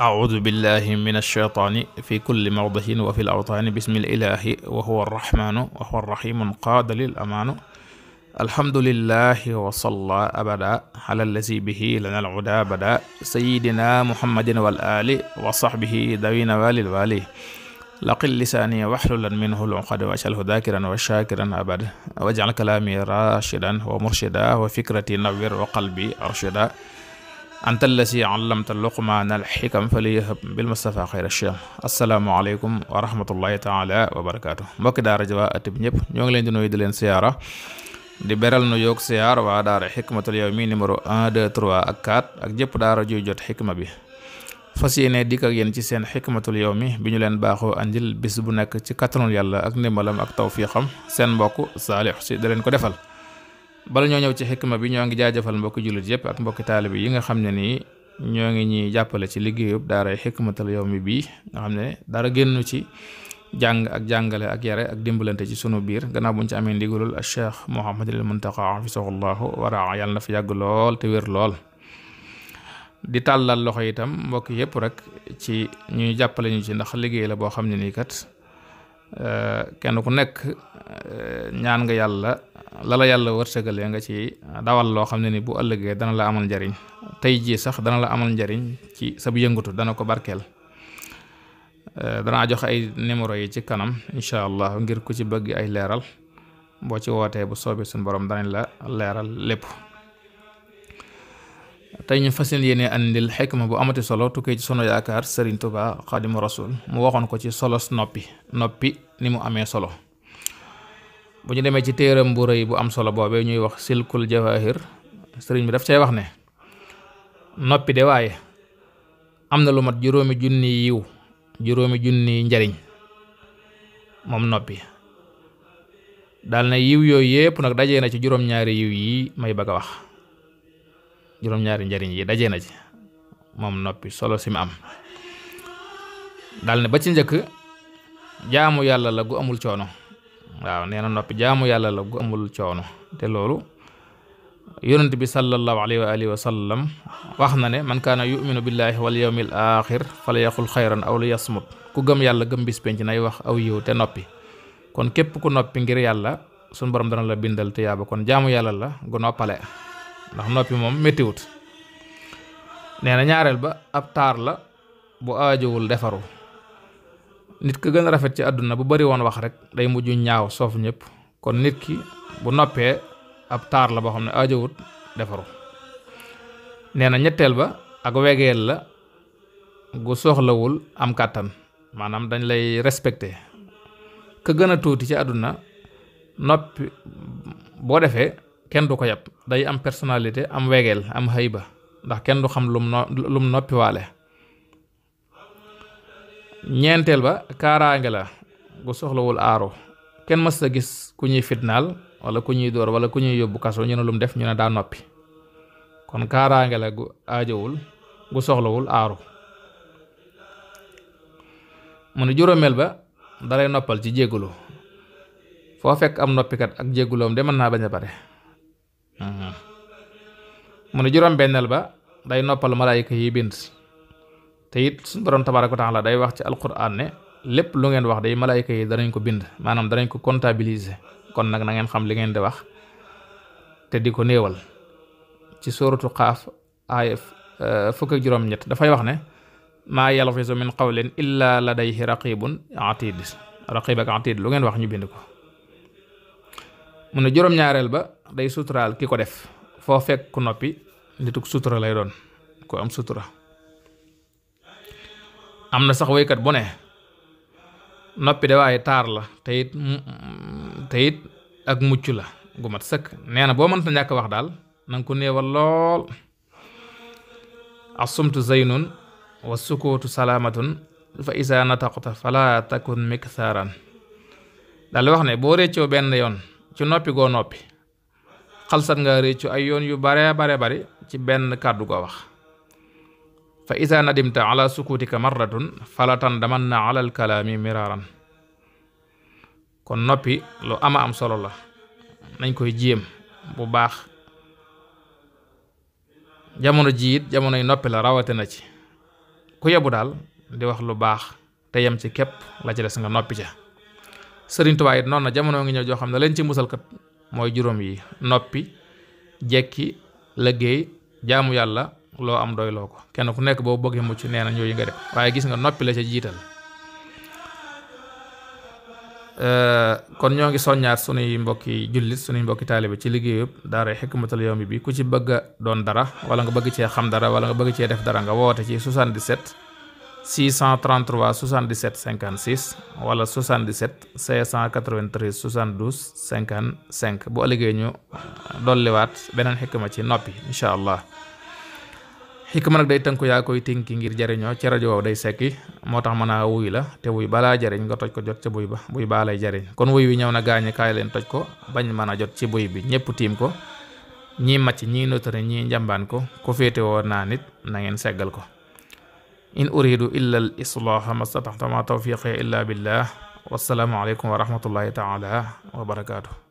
أعوذ بالله من الشيطان في كل موضع وفي الأوطان بسم الإله وهو الرحمن وهو الرحيم قاد للأمان الحمد لله وصلى أبدا على الذي به لنا العدا بدا سيدنا محمد والآل وصحبه ذوين والي الوالي لقل لساني واحللا منه العقد واجعله ذاكرا وشاكرا أبدا واجعل كلامي راشدا ومرشدا وفكرتي نور وقلبي أرشدا la allasi allamta luqmaana alxikam fa li yahab bil mustafa xayra sham asalaamaaleykum wa rahmatullahi taala wa barakaatu mbokki daara ji waa ëtt bi ñëpp ñoo ngi leen di nuyu di leen siyaara di beral nu yoog siyaar waa daara xikmatul yawmi numéro 1 2 3 ak 4 ak jëpp daara juy jot xikma bi fas yéene dikk ak yéen ci seen xikmatul yawmi bi ñu leen baaxoo andil bis bu nekk ci kattanul yàlla ak ndimbalam ak tawfiixam seen mbokk saalix si da leen ko defal bala ñoo ñëw ci xikma bi ñoo ngi jaajëfal mbokki jullit yëpp ak mbokki taalibe yi nga xam ne nii ñoo ngi ñuy jàppale ci liggéeyub daaray Hikmatul Yawmi bii nga xam ne dara génnu ci jàng ak jàngale ak yare ak dimbalante ci sunu biir gannaaw buñ ci amee ak moo ne ndigalul Cheikh Mouhamadul Muntaqa hafisahullahu waraa yàlla na fi yàgg lool te wér lool di tàllal loxo itam mbokk yëpp rek ci ñuy jàppale ñu ci ndax liggéey la boo xam ne nii kat Eh, kenn ku nekk eh, ñaan nga yàlla lala yàlla wërsëgalee nga ci dawal loo xam ne ni bu ëllëgee dana la amal njariñ tey jii sax dana la amal njariñ ci sab yëngatu dana ko barkeel eh, danaa jox ay numéro yi ci kanam incha allah ngir ku ci bëgg ay leeral boo ci wootee bu soobee suñu borom danañ la leeral lépp tey ñu fas yéene andil xikma bu amati solo tukkee ci sunu yaakaar Serigne Touba Xaadimu Rasul mu waxoon ko ci solos noppi noppi ni mu amee solo bu ñu demee ci téeram bu rëy bu am solo boobee ñuy wax silkul jawahir sëriñ bi daf cay wax ne noppi de waaye am na lu mat juróomi junni yiw juróomi junni njariñ moom noppi daal na yiw yooyu yépp nag dajee na ci juróom-ñaari yiw yi may bëgg a wax juróom-ñaari njariñ yi dajee na ci moom noppi solo sim am dal ne ba ci njëkk jaamu yàlla la gu amul coono waaw nee na noppi jaamu yàlla la gu amul coono te loolu yonent bi sallallahu alayhi wa alihi wa sallam wax na ne man kaana yuminu billahi wal yawmil axir fala yaqul xayran aw li yasmut ku gëm yàlla gëm bis nay wax aw yiw te noppi kon képp ku noppi ngir yàlla suñu borom dana la bindal te yaaba kon jaamu yàlla la gu noppale ndax noppi moom méttiwut nee na ñaareel ba ab taar la bu aajowul defaru nit ka gën a rafet ci àdduna bu bari woon wax rek day mujj ñaaw soof ñëpp kon nit ki bu noppee ab taar la boo xam ne aajowut defaru nee na ñetteel ba ak wegeel la gu soxlawul am kàttan maanaam dañ lay respecté ka gën a tuuti ci àdduna noppi boo defee kenn du ko yàpp day am personnalité am wegeel am xëyba ndax kenn du xam lum no lum noppiwaale ñeenteel ba kaaraange la gu soxlawul aaru kenn mës a gis ku ñuy fitnaal wala ku ñuy dóor wala ku ñuy yóbbu kaso ñu ne lum def ñu ne daa noppi kon kaaraange la gu aajowul gu soxlawul aaru mu ne juróomeel ba dalay noppal ci jéggulu foo fekk am noppikat ak jégguloom de mën naa bañ a bare mu ne juróom-benneel ba day noppal malaayika yi bind te it suñu borom tabaaraka wa taala day wax ci alquran ne lépp lu ngeen wax day malaayika yi danañ ko bind maanaam danañ ko comptabiliser kon nag na ngeen xam li ngeen di wax te di ko néewal ci sóoratu xaaf aaya euh, fukk ak juróom-ñett dafay wax ne maa yalfisu min qawlin illa ladayhi raqibun atid raqib ak atid lu ngeen wax ñu bind ko mu ne juróom-ñaareel ba day suturaal ki ko def foo fekk ku noppi nituk sutura lay doon ku am sutura am na sax woykat bu ne noppi de waaye taar la te it te it ak mucc la gu mat sëkk nee na boo mënta ñàkk wax daal nanga ko néewal lool asumtu zaynun wa sukuutu salaamatun fa isa nataqta fala takun dal daal wax ne boo réccoo benn yoon ci noppi goo noppi xalsat nga réccu ay yoon yu bare bare bari ci benn kàddu ko wax fa isa nadimta ala sukutika marratun falatan daman na alal kalaami miraaran kon noppi lu ama am solo la nañ koy jéem bu baax jamono jiit jamonoy noppi la rawate na ci ku yebu daal di wax lu baax te yem ci képp la ci des nga noppi ca Sëriñ Tuubaa it noonu na jamono ngi ñëw joo xam ne leen ci musalkat mooy juróom yi noppi jekki liggéey jaamu yàlla loo am doy loo ko kenn ku nekk boo bëggee mucc nee na ñooyu nga def waaye gis nga noppi la ca jiital euh, kon ñoo ngi soññaat sunuy mbokki jullit sunuy mbokki taalibe ci liggéeyub daara Hikmatul Yawmi bi ku ci bëgg doon dara wala nga bëgg cee xam dara wala nga bëgg cee def dara nga woote ci 77 633 77 56 wala 77 693 72 55 bu ëllëgee ñu dolliwaat beneen xikma ci noppi incha allah xikma nag day tënku yaa koy tënki ngir jariñoo ci rajo wow day sekki moo tax mën a wuy la te wuy balaa jariñ nga toj ko jot ca buy ba buy baa lay jariñ kon wuy wi ñëw na gaañu kaay leen toj ko bañ mën a jot ci buy bi ñëpp tiim ko ñii màcc ñii notari ñii njàmbaan ko ku féete naa nit na ngeen seggal ko in uridu illa al islaha mastataxtama tawfiqi illa billah wassalaamu aleykum wa rahmatullahi taala wa barakaatu